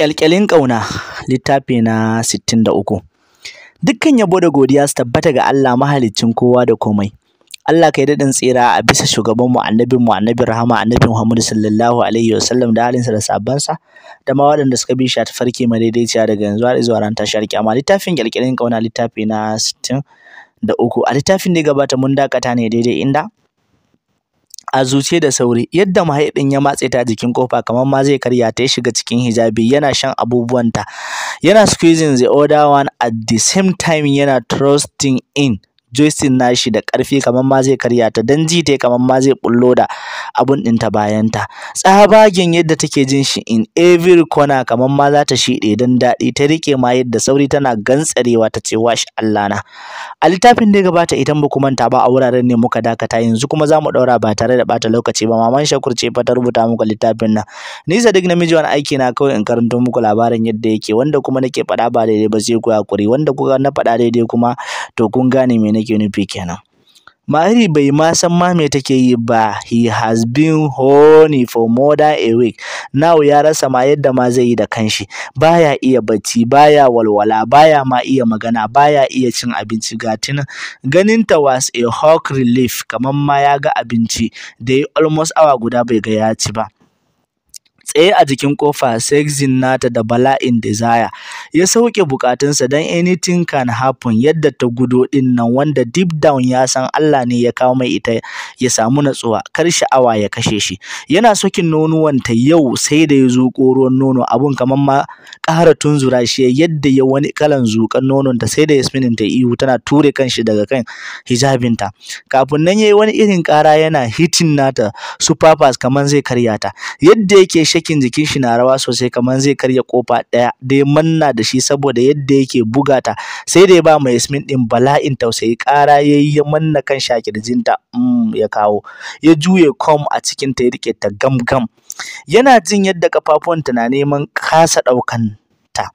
ƙyalƙyalin ƙauna littafi na uku, dukkan yabo da godiya su tabbata ga Allah mahaliccin kowa da komai Allah ka yi daɗin tsira a bisa shugabanmu annabinmu annabin rahama annabin Muhammadu sallallahu alaihi wasallam da halinsa da sabansa da ma waɗanda suka bi shi ta ma madaidaiciya daga yanzu har zuwa ran harki amma littafin ƙyalƙyalin ƙauna littafi na uku, a littafin da ya gabata mun dakata ne daidai inda a zuce da sauri yadda mahaifin ya matse ta jikin kofa kamar ma zai karya ta ya shiga cikin hijabi yana shan abubuwanta yana squeezing the other one at the same time yana trusting in joystick nashi da ƙarfi kamar ma zai karya ta dan ji tai kamar ma zai bullo da abun din ta bayan ta tsabagen yadda take jin shi in every corner kamar ma za ta shiɗe dan daɗi ta rike ma yadda sauri tana gantsarewa ta ce wash Allah na a littafin da gabata idan ba ku manta ba a wuraren ne muka dakata yanzu kuma za mu ɗaura ba tare da bata lokaci ba maman shakur ce fa ta rubuta muku littafin nan ni sadiq namiji wani aiki na kawai in karanto muku labarin yadda yake wanda kuma nake fada ba daidai ba sai ku hakuri wanda kuka na fada daidai kuma to kun gane me nake nufi kenan Mary bai ma san ma me take yi ba. He has been horny for more than a week. Now ya rasa ma yadda ma zai yi da kanshi. Baya iya bacci, baya walwala, baya ma iya magana, baya iya cin abinci ga tunan. Ganinta was a hawk relief, kamar ma ya ga abinci. Da almost awa guda bai ga ya ci ba. tsaye a jikin kofa sexing nata da bala'in desire ya sauke bukatunsa don anything can happen yadda ta gudo din nan wanda deep down ya san Allah ne ya kawo mai ita ya samu natsuwa kar sha'awa ya kashe shi yana sokin nonuwanta yau sai da ya zuƙo nono abun kaman ma ƙara tunzura shi yadda ya wani kalan zuƙan nononta sai da Yasminin ta ihu tana ture kanshi daga kan hijabinta kafin nan yayi wani irin kara yana hitin nata su papas kaman zai karya ta yadda yake aikin jikin shi na rawa sosai kamar zai karya kofa ɗaya dai manna da shi saboda yadda yake buga ta sai dai ya ba mai Yasmin din bala'in tausayi kara yayi yi ya manna kan shi a mm, ya kawo ya juye kom a cikin ta ya rike ta gam gam yana jin yadda ta na neman kasa ɗaukan ta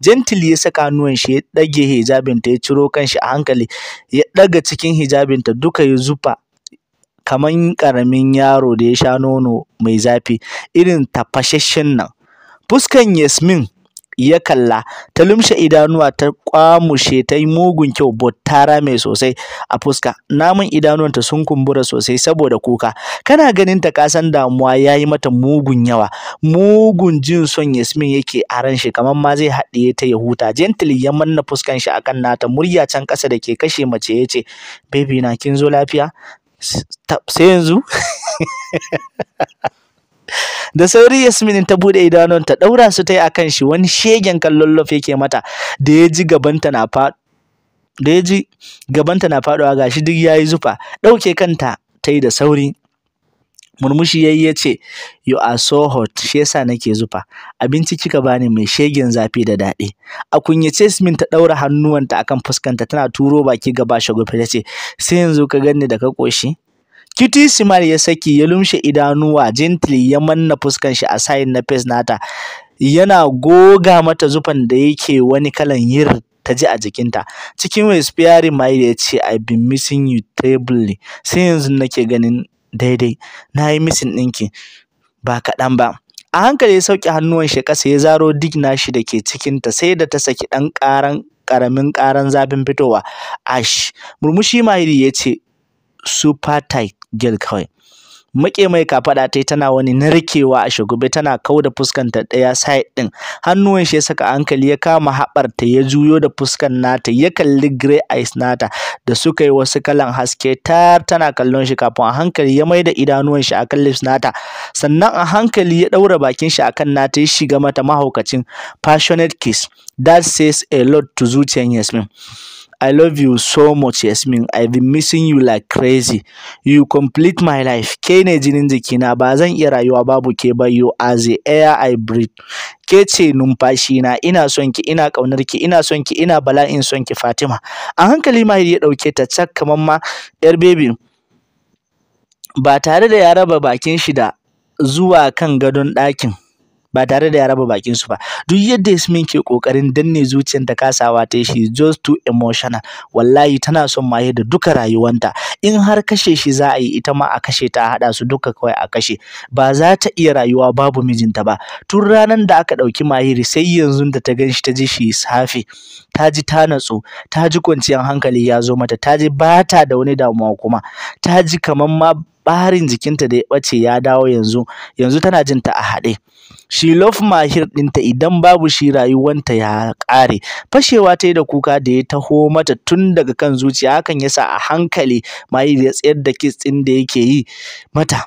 Gentle ya saka hannuwan shi ya ɗage hijabinta ya ciro kanshi a hankali ya ɗaga cikin hijabinta duka ya zufa kaman ƙaramin yaro da ya sha nono mai zafi irin tafasasshen nan fuskan Yasmin ya kalla ta lumshe idanuwa ta kwamushe ta yi mugun kyau bottara mai sosai a fuska namun idanuwanta sun kumbura sosai saboda kuka kana ganin ta kasan damuwa ya yi mata mugun yawa mugun jin son yasmin yake a ran shi kamar ma zai haɗiye ta ya huta gentle ya manna fuskan shi akan nata murya can ƙasa da ke kashe mace yace, ce baby na kin zo lafiya sai yanzu da sauri yasmin ta bude idanun ta ɗaura su ta yi akan shi wani shegen kallon lof yake mata da ya ji gabanta na fa da ya ji gabanta na gashi duk yayi zufa ɗauke kanta ta yi da sauri Murmushi yayi ya ce, You are so hot, shi yasa nake zufa. Abinci kika bani mai shegen zafi da daɗi. A kunyace Yasmin ta ɗaura hannuwanta akan fuskanta tana turo baki gaba shago ta ce, Sai yanzu ka ganni da ka koshi Kitty Simari ya saki ya lumshe idanuwa gently ya manna fuskan shi a sayin na face nata. Yana goga mata zufan da yake wani kalan yir ta ji a jikinta cikin respiring mai ya ce I've been missing you terribly sai yanzu nake ganin daidai na yi misin ɗinki ba kaɗan ba a hankali ya sauke hannuwan shi ƙasa ya zaro dig nashi da ke cikinta sai da ta saki ɗan ƙaran ƙaramin ƙaran zafin fitowa ash murmushi mahiri ya ce super tight girl kawai muke mai kafada tai tana wani narkewa a shugube tana kauda fuskanta daya side din hannuwan shi ya saka hankali ya kama ta ya juyo da fuskan nata ya kalli grey eyes nata da suka yi wasu kalan haske tar tana kallon shi kafin a hankali ya maida idanuwan shi akan lips nata sannan a hankali ya daura bakin shi akan nata ya shiga mata mahaukacin passionate kiss that says a lot to zuciyar Yasmin I love you so much Yasmin. I've been missing you like crazy. You complete my life. Ke ne jinin jikina ba zan iya rayuwa babu ke ba you as the air I breathe. Ke ce numfashi na ina son ki ina kaunar ki ina son ki ina bala'in son ki Fatima. A hankali Mahir ya dauke ta cak kamar ma yar baby. Ba tare da ya raba bakin shi da zuwa kan gadon ɗakin. ba tare da ya raba bakin su ba duk yadda Yasmin ke kokarin danne zuciyar ta kasawa ta shi just too emotional wallahi tana son maye da duka rayuwanta in har kashe shi za a yi ita ma a kashe ta hada su duka kawai a kashe ba za ta iya rayuwa babu mijinta ba tun ranar da aka dauki mahiri sai yanzu da ta ganshi ta ji shi safe ta ji ta natsu ta ji kwanciyar hankali ya zo mata ta ji ba da wani damuwa kuma ta ji kaman ma ɓarin jikinta da ya ɓace ya dawo yanzu yanzu tana jin ta a haɗe she love mahir ɗinta idan babu shi rayuwanta ya ƙare fashewa ta yi da kuka da ya taho mata tun daga kan zuciya hakan ya sa a hankali mahir ya tsayar da kis da yake yi mata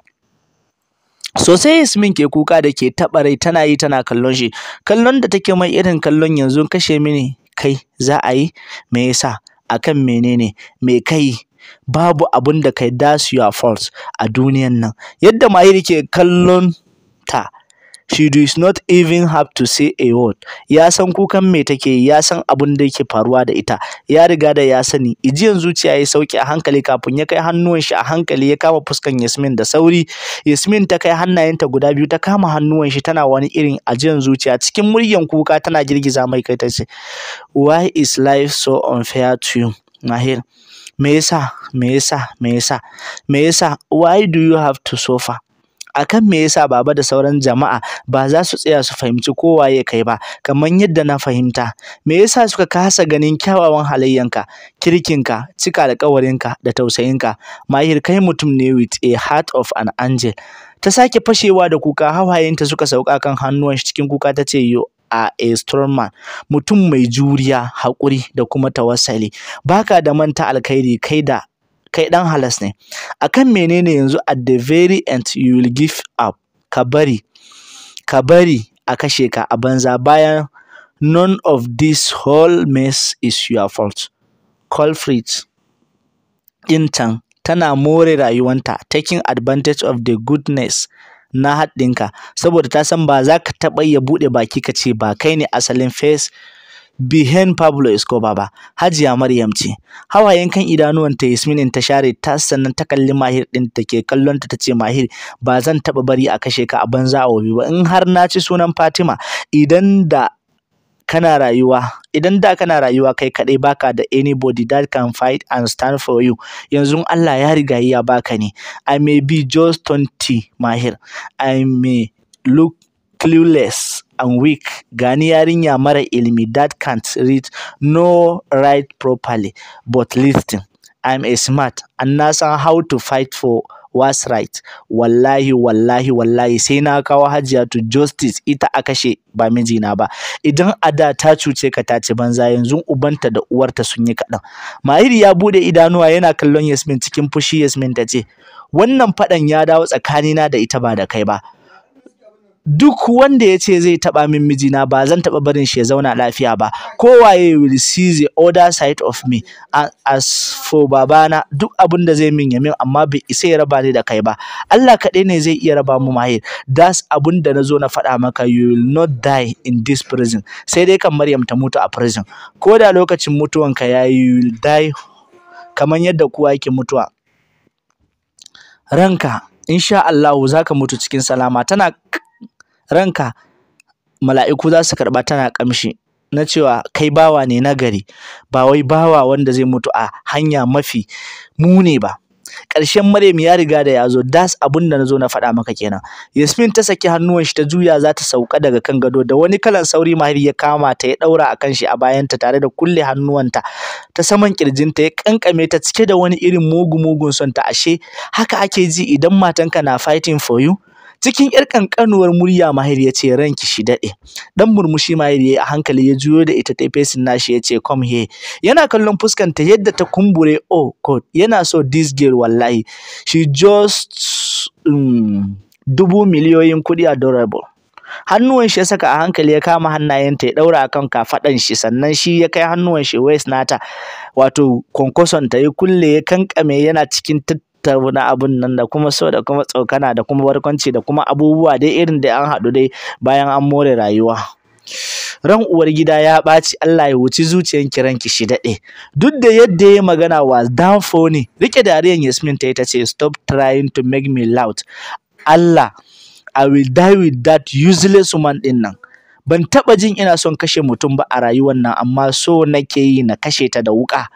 sosai Yasmin ke kuka da ke taɓa rai tana yi tana kallon shi kallon da take mai irin kallon yanzu kashe mini kai za a yi me yasa akan menene me kai babu abin da kai dasu your fault a duniyan nan yadda Mahir ke kallon ta she does not even have to say a word ya san kukan me take ya san abin da yake faruwa da ita ya riga da ya sani ijiyan zuciya ya sauki a hankali kafin ya kai hannuwan shi a hankali ya kama fuskan Yasmin da sauri Yasmin ta kai hannayenta guda biyu ta kama hannuwan shi tana wani irin ajiyan zuciya cikin muryan kuka tana girgiza mai kai ce why is life so unfair to you Mahir, me yasa, me yasa, me yasa, me yasa, why do you have to suffer? akan me yasa baba da sauran jama'a ba za su tsaya su fahimci kowa ya kai ba kamar yadda na fahimta me yasa suka kasa ganin kyawawan halayyanka kirkinka cika alƙawarinka da tausayinka mahir kai mutum ne with a heart of an angel ta sake fashewa da kuka hawayenta suka sauka kan hannuwan shi cikin kuka ta ce you a Sturman mutum mai juriya haƙuri da kuma tawassali baka da manta alkhairi kai da kai dan halas ne akan menene yanzu at the very end you will give up ka bari a kashe ka a banza bayan none of this whole mess is your fault culprit intan tana more rayuwanta taking advantage of the goodness na haɗinka, saboda ta san ba za ka taɓa ya buɗe baki ka ce ba kai ne asalin face Bihen Pablo Escobar ba, Hajiya Maryam ce. Hawayen kan idanuwanta Yasminin ta share ta sannan ta kalli Mahir ɗin da ke kallon ta ce Mahir ba zan taɓa bari a kashe ka a banza a wobi ba in har na ci sunan Fatima idan da kana rayuwa idan da kana rayuwa kai kaɗai baka da anybody that can fight and stand for you yanzu Allah ya riga ya baka ne I may be just 20 mahir I may look clueless and weak gani yarinya mara ilimi that can't read no write properly but listen I'm a smart and na san how to fight for was right wallahi wallahi wallahi sai na kawo hajiya to justice ita a kashe ba mijina ba idan a da ta cuce ka ta ci banza yanzu ubanta da uwarta sun yi kaɗan mahiri ya bude idanuwa yana kallon yasmin cikin fushi yasmin ta ce wannan faɗan ya dawo tsakanina da ita ba da kai ba duk wanda ya ce zai taɓa min mijina ba zan taɓa barin shi ya zauna lafiya ba kowaye will see the other side of me as for babana duk abin da zai min yamin min amma bai isa ya raba ni da kai ba Allah kaɗai ne zai iya raba mu mahir das abin da na zo na faɗa maka you will not die in this prison sai dai kan Maryam ta mutu a prison ko da lokacin mutuwanka ya yi you will die kamar yadda kowa yake mutuwa ranka insha Allah za ka mutu cikin salama tana ranka mala'iku za su karɓa tana ƙamshi na cewa kai bawa ne na gari ba wai bawa wanda zai mutu a hanya mafi muni ba ƙarshen Maryam ya riga da ya zo das abin da na zo na faɗa maka kenan Yasmin ta saki hannuwan shi ta juya za ta sauka daga kan gado da wani kalan sauri Mahir ya kama ta ya ɗaura a kan shi a bayanta tare da kulle hannuwanta ta saman kirjinta ya ƙanƙame ta cike da wani irin mugu mugun son ta ashe haka ake ji idan matanka na fighting for you Cikin ‘yar ƙanƙanuwar murya Mahir ya ce ranki shi daɗe. Ɗan murmushi Mahir ya a hankali ya juyo da ita ta fesin nashi ya ce kom here. Yana kallon fuskanta yadda ta kumbure oh god yana so this girl wallahi she just um, dubu miliyoyin kuɗi adorable. hannuwan shi ya saka a hankali ya kama hannayenta ya ɗaura akan kafaɗan shi sannan shi ya kai hannuwan shi waist nata wato konkoson ta ya kulle ya kankame yana cikin ta na abun nan da kuma so da kuma tsokana da kuma barkwanci da kuma abubuwa dai irin da an haɗu dai bayan an more rayuwa. ran uwar gida ya ɓaci Allah ya wuci zuciyan kiran ki shi daɗe duk da yadda ya magana was dan phony rike dariyan Yasmin ta yi ta ce stop trying to make me loud Allah I will die with that useless woman ɗin nan ban taɓa jin ina son kashe mutum ba a rayuwar nan amma so nake yi na kashe ta da wuƙa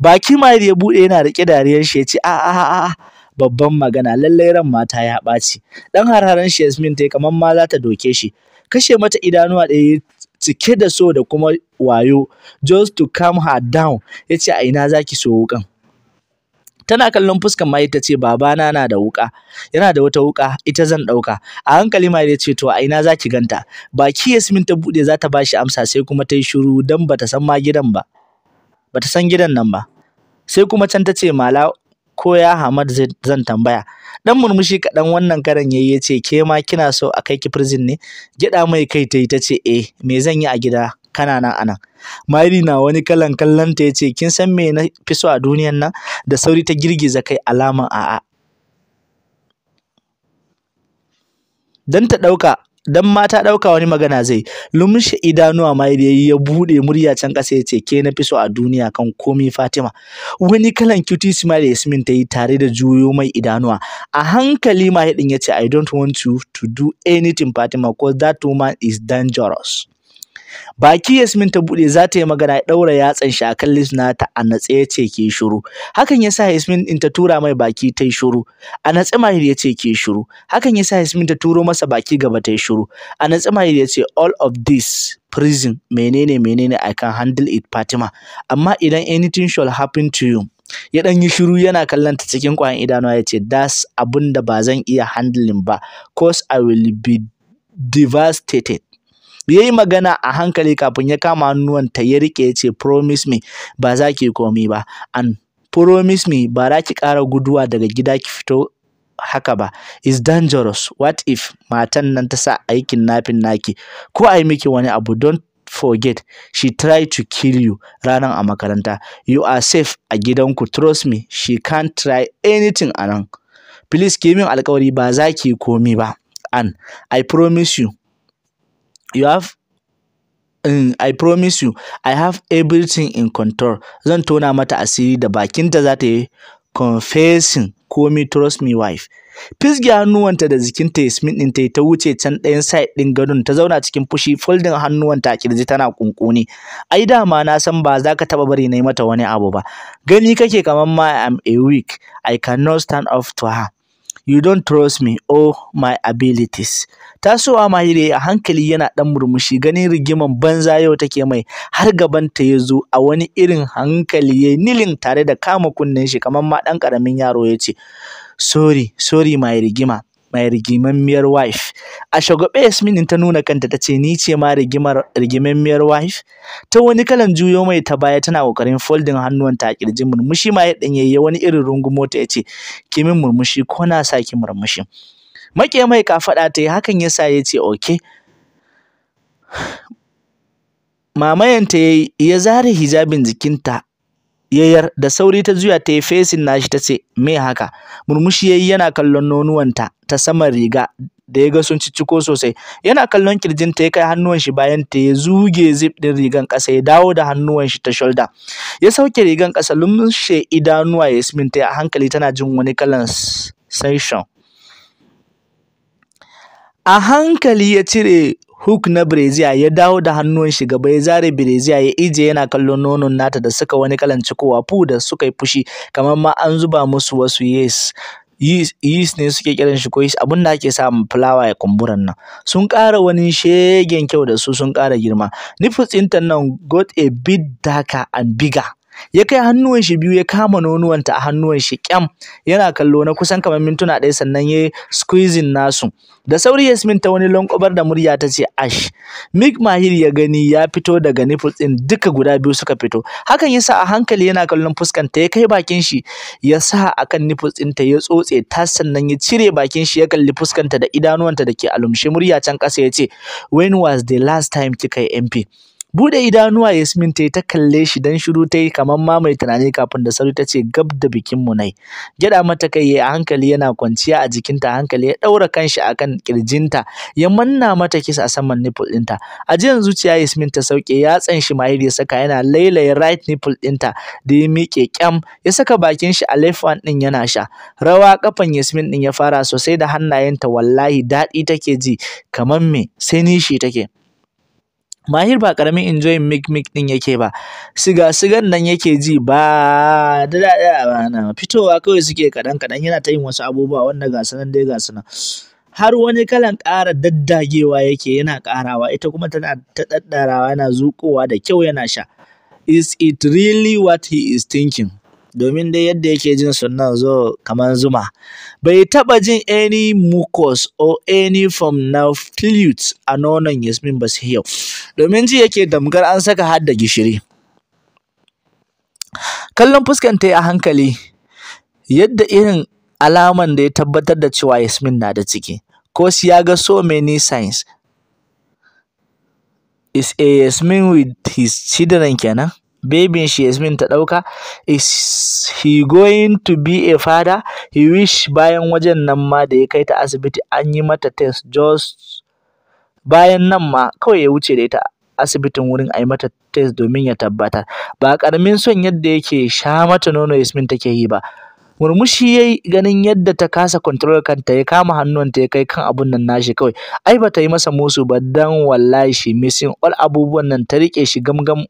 baki ma da ya bude yana riƙe dariyar shi ya ce a a a babban magana lallai ran mata ya ɓaci dan hararen shi Yasmin tai kamar ma za ta doke shi kashe mata idanuwa ɗaya cike da so da kuma wayo just to calm her down yace a ina zaki so wuƙan tana kallon fuskar Maye ta ce babana na da wuka yana da wata wuka ita zan dauka a hankali Maye ya ce to a ina zaki ganta baki Yasmin ta bude za ta bashi amsa sai kuma ta yi shiru dan bata san ma gidan ba bata san gidan nan ba sai kuma can ta ce mala ko ya Hamad zan tambaya dan murmushi kaɗan wannan karan yayi ya ce ke ma kina so a kai ki prison ne Gida mai kai ta ta ce eh me zan yi a gida kana nan anan Mairi na wani kalan kallon ta yace kin san me na fi so a duniyan nan? Da sauri ta girgiza kai alaman a'a. Dan ta ɗauka dan ma ta wani magana zai lumshe idanuwa Mairi yayi ya buɗe murya can ƙasa ya ce ke na fi so a duniya kan komi Fatima wani kalan cutie smile Yasmin ta yi tare da juyo mai idanuwa a hankali ma hidin ya ce I don't want you to do anything Fatima because that woman is dangerous baki Yasmin ta bude za ta yi magana ya daura yatsan shi akan ta a natse ya ce ki shiru hakan yasa Yasmin in ta tura mai baki ta yi shiru a natse Mahir ya ce ki shiru hakan yasa Yasmin ta turo masa baki gaba ta yi shiru a natse Mahir ya ce all of this prison menene menene I can handle it Fatima amma idan anything shall happen to you ya dan yi shiru yana kallon ta cikin kwayan idanuwa ya ce das abin da ba zan iya handling ba cause I will be devastated ya yi magana a hankali kafin ya kama hannuwanta ya riƙe ya ce promise me ba za ki komi ba and promise me ba za ki ƙara guduwa daga gida ki fito haka ba is dangerous what if matan nan ta sa aikin nafin naki ko a yi miki wani abu don forget she tried to kill you Ranar a makaranta you are safe a gidanku trust me she can't try anything anan please give min alkawari ba za ki komi ba and i promise you You have mm, I promise you, I have everything in control. Zan tona mata asiri da bakinta za ta yi confessing me trust me wife. Fisge hannuwanta da jikinta Yasmin ɗin ta wuce can ɗayan side ɗin gadon ta zauna cikin fushi folding hannuwanta a kirji tana kunkuni. Ai dama na san ba za ka taɓa bari na yi mata wani abu ba. Gani kake kamar ma I am a weak. I cannot stand up to her. You don't trust me or oh my abilities. Tasowa Mahire a hankali yana ɗan murmushi ganin rigiman banza yau take mai har gabanta ya zo a wani irin hankali ya nilin tare da kama kunnen shi kamar ma ɗan ƙaramin yaro ya ce, Sorry, sorry mai rigima. mai rigimammiyar wife a shagwabe yasmin ta nuna kanta ta ce ni ce ma rigimar rigimammiyar wife ta wani kalan juyo mai ta baya tana kokarin folding hannuwan ta kirjin murmushi ma ya danye wani irin rungumo ta ya ce ki min murmushi ko na sa ki murmushi maƙe mai faɗa ta yi hakan ya sa ya ce okay mamayanta ya zare hijabin jikinta yayar da sauri ta juya ta yi fesin nashi ta ce me haka murmushi yayi yana kallon nonuwanta ta saman riga da ya ga sun cicciko sosai yana kallon kirjin ta ya kai hannuwan shi bayan ta ya zuge zip din rigan ƙasa ya dawo da hannuwan shi ta shoulder ya sauke rigan ƙasa lumshe idanuwa Yasmin ta a hankali tana jin wani kalan session a hankali ya cire hook na Brezia ya dawo da hannuwan shi gaba ya zare Brezia ya ije yana kallon nonon nata da suka wani kalan cikowa fu da suka yi fushi kamar ma an zuba musu wasu yes yeast ne suke kiran shi ko yeast abin da ake sa fulawa ya kumburan nan sun ƙara wani shegen kyau da su sun ƙara girma nipples ɗinta nan got a bit darker and bigger ya kai hannuwan shi biyu ya kama nonuwanta a hannuwan shi kyam yana kallo na kusan kamar mintuna ɗaya sannan ya squeezing nasu da sauri Yasmin ta wani lankobar da murya ta ce ash Mick Mahir ya gani ya fito daga nipples din duka guda biyu suka fito hakan yasa a hankali yana kallon fuskan ta ya kai bakin shi ya sa akan nipples din ta ya tsotse ta sannan ya cire bakin shi ya kalli fuskanta da idanuwanta da ke alumshe murya can ƙasa ya ce when was the last time kika yi MP Bude idanuwa Yasmin ta yi ta kalle shi dan shiru ta yi kamar ma mai tunani kafin da sauri ta ce gab da bikin mu nai. gyada mata kai a hankali yana kwanciya a jikinta a hankali ya ɗaura kanshi akan kirjinta ya manna mata kisa a saman nipple ɗinta. A jiyan zuciya Yasmin ta sauke yatsan shi Mahir ya saka yana lailaye right nipple ɗinta da ya miƙe kyam ya saka bakin shi a left one ɗin yana sha. Rawa kafan Yasmin ɗin ya fara sosai da hannayenta wallahi daɗi take ji kamar me sai nishi take. Mahir ba ƙaramin enjoying mic mic ɗin yake ba, siga-sigan nan yake ji ba da daɗi ba na fitowa kawai suke kaɗan-kaɗan yana ta yin wasu abubuwa wanda ga sanan nan dai ga sanan. Har wani kalan ƙara daddagewa yake yana ƙarawa ita kuma tana ta ɗaɗɗarawa yana zuƙowa da kyau yana sha. Is it really what he is thinking? domin dai yadda yake jin sunan zo kamar zuma bai taɓa jin any mucus or any form na flute a nonon yasmin ba sai yau domin ji yake damgar an saka har gishiri kallon fuskanta a hankali yadda irin alaman da ya tabbatar da cewa yasmin na da ciki ko ya ga so many signs is a yasmin with his children kenan baby Yasmin ta ɗauka is he going to be a father he wish bayan wajen nan ma da ya kai ta asibiti an yi mata test just bayan nan ma kawai ya wuce da ita asibitin wurin a yi mata test domin ya tabbatar ba karamin son yadda yake sha mata nono Yasmin take yi ba murmushi yayi ganin yadda ta kasa control kanta ya kama ta ya kai kan abun nan nashi kawai ai ta yi masa musu ba dan wallahi shi missing all abubuwan nan ta rike shi gamgam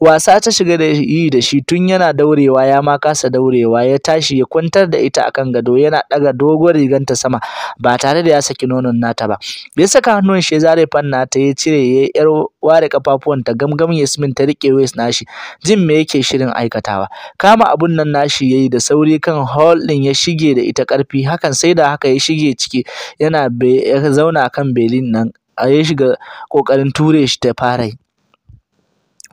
wasa ta shiga da yi da shi tun yana daurewa ya ma kasa daurewa ya tashi ya kwantar da ita akan gado yana daga dogon riganta sama ba tare da ya saki nonon nata ba ya saka hannun shi zare fanna ta ya cire ya yar ware kafafuwan ta gamgam Yasmin ta rike waist nashi jin me yake shirin aikatawa kama abun nan nashi yayi da sauri kan hall din ya shige da ita karfi hakan sai da haka ya shige ciki yana ya zauna kan belin nan a ya shiga kokarin ture shi ta fara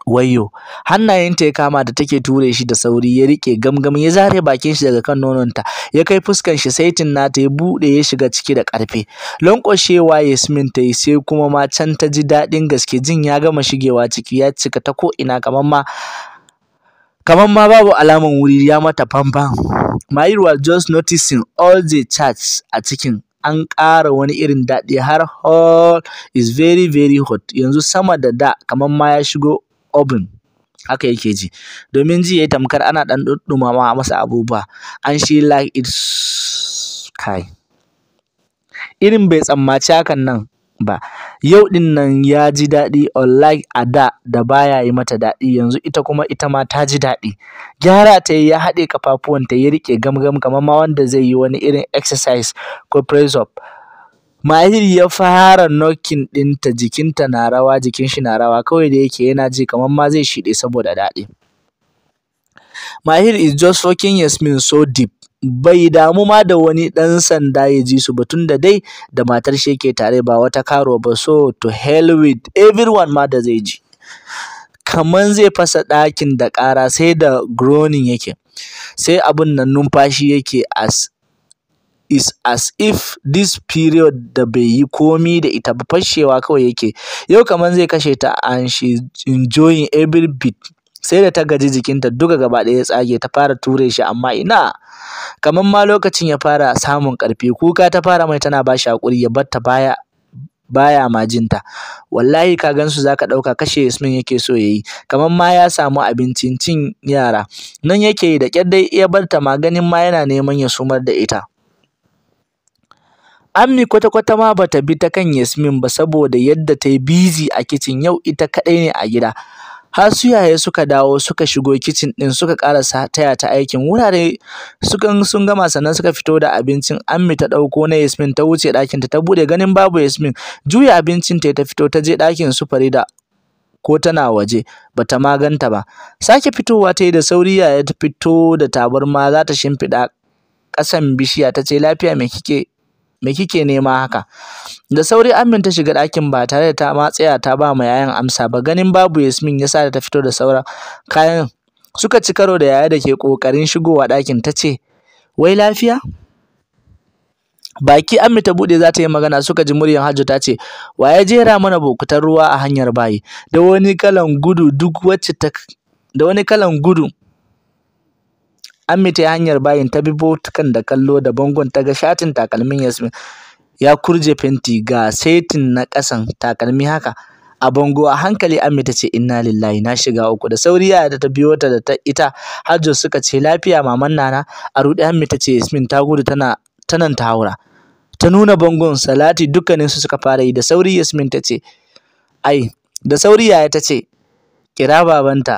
Wayyo! Hannayenta ya kama da take ture shi da sauri, ya rike gamgam ya zare bakin shi daga kan nononta, ya kai fuskan shi saitin nata ya bude ya shiga ciki da karfe Lankwashewa Yasmin ta yi sai kuma ma can ta ji daɗin gaske jin ya gama shigewa ciki ya cika ta ko ina kamar ma kamar ma babu alaman wuri ya mata famfam. Mahir was just noticing all the chats a cikin an ƙara wani irin daɗi har hall is very very hot yanzu sama da da kamar ma ya shigo oven haka yake ji domin ji yayi tamkar ana ɗan masa abubuwa and she like it kai irin bai tsammaci hakan nan ba yau ɗin nan ya ji daɗi unlike a da da baya yi mata daɗi yanzu ita kuma ita ma ta ji daɗi gyara ta ya haɗe kafafuwanta ya riƙe gamgam kamar ma wanda zai yi wani irin exercise ko press up Mahir ya fara nokin ɗinta jikinta na rawa jikin shi na rawa kawai da yake yana ji kamar ma zai shiɗe saboda daɗi. Mahir is just fucking Yasmin so deep. Bai damu ma da wani ɗan sanda ya ji su ba tunda dai da matar shi yake tare ba wata karo ba so to hell with everyone ma da zai ji. Kaman zai fasa ɗakin da ƙara sai da groaning yake. Sai abin nan numfashi yake as is as if this period da bai yi komi da ita ba fashewa kawai yake yau kamar zai kashe ta and she enjoying every bit sai da ta gaji jikinta duka gaba ɗaya tsage ta fara ture shi amma ina kamar ma lokacin ya fara samun ƙarfi kuka ta fara mai tana ba shi haƙuri ya bar baya baya ma jinta wallahi ka gansu za ka ɗauka kashe Yasmin yake so ya yi. kamar ma ya samu abincin cin yara nan yake yi da kyar dai iya barta ma ganin ma yana neman ya sumar da ita Ammi kwata-kwata ma bata bi ta kan Yasmin ba saboda yadda ta yi busy a kicin yau ita kaɗai ne a gida. Har su yaya suka dawo suka shigo kicin ɗin suka ƙara taya ta aikin wurare suka sun gama sannan suka fito da abincin Ammi ta ɗauko na Yasmin ta wuce ɗakinta ta buɗe ganin babu Yasmin juya abincin ta ta fito ta je ɗakin su Farida ko tana waje bata ma ganta ba sake fitowa ta yi da sauri yaya ta fito da tabarma za ta shimfiɗa ƙasan bishiya ta ce lafiya me kike me kike nema haka da sauri amin ta shiga ɗakin ba tare da ta ma ta ba ma yayan amsa ba ganin babu yasmin yasa da ta fito da saura. kayan suka ci karo da yaya da ke ƙoƙarin shigowa ɗakin ta ce wai lafiya baki Ammi ta buɗe za ta yi magana suka ji muryar Hajjo ta ce wa ya jera mana bukutar ruwa a hanyar bayi da wani kalan gudu duk wacce ta da wani kalan gudu An ta hanyar bayin ta bi bokitin da kallo da bangon ta ga shatin takalmin Yasmin ya kurje fenti ga setin na kasan takalmi haka a bango a hankali Amita ta ce inna lillahi na shiga uku da sauri yaya ta biyo ta da ta ita har suka ce lafiya maman nana a ruɗe Ammi ta ce Yasmin ta gudu tana tanan ta haura ta nuna bangon salati dukkanin su suka fara yi da sauri Yasmin ta ce ai da sauri yaya ta ce kira babanta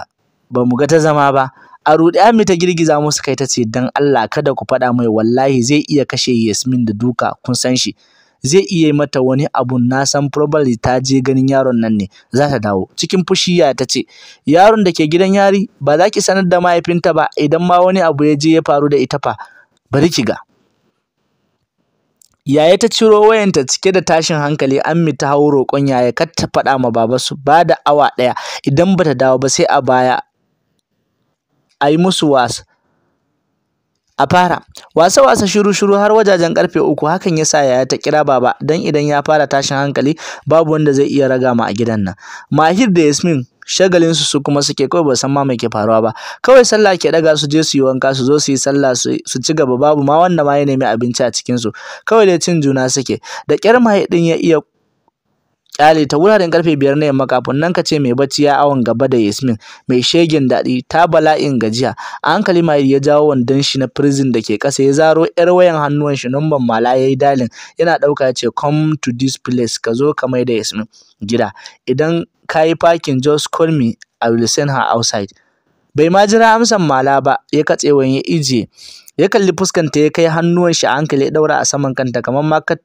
ba mu ga ta zama ba A ruɗe Ami ta girgiza musu kai ta ce don Allah kada ku faɗa mai wallahi zai iya kashe Yasmin da duka kun san shi. Zai iya mata wani abu na san probably ta je ganin yaron nan ne za ta dawo. Cikin fushi ya ta ce yaron da ke gidan yari ba za ki sanar da mahaifinta ba idan ma wani abu ya je ya faru da ita fa bari ki ga. Yaya ta ciro wayanta cike da tashin hankali mi ta hau roƙon yaya kar ta faɗa ma baba ba da awa ɗaya idan ba ta dawo ba sai a baya a yi musu wasa a fara wasa-wasa shiru-shiru har wajajen karfe uku hakan ya sa yaya ta kira baba don idan ya fara tashin hankali babu wanda zai iya raga mu a gidan nan mahir da yasmin shagalin su su kuma suke kawai ba san ma mai ke faruwa ba kawai sallah ke daga su je su yi wanka su zo su yi sallah su ci gaba babu ma wanda ma ya nemi abinci a cikin su kawai dai cin juna suke da kyar Mahi din ya iya kyale ta wuraren karfe biyar na yamma kafin nan ka ce mai bacci ya awon gaba da Yasmin mai shegen daɗi ta bala'in gajiya a hankali ya jawo wandon shi na prison da ke ƙasa ya zaro yar wayan hannuwan shi numban mala ya yi dalin yana ɗauka ya ce come to this place ka zo ka mai da Yasmin gida idan ka yi parking just call me I will send her outside bai ma jira amsan mala ba ya katse wani ya ije ya kalli fuskanta ya kai hannuwan shi a hankali ya ɗaura a saman kanta kamar ma ka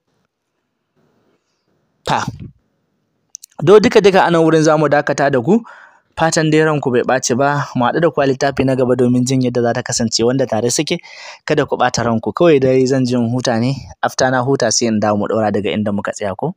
ta do duka duka anan wurin zamu dakata da ku fatan dai ranku bai ɓaci ba mu haɗu da ku a littafi na gaba domin jin yadda za ta kasance wanda tare suke kada ku ɓata ranku kawai dai zan je in huta ne after na huta sai in dawo mu ɗora daga inda muka tsaya ko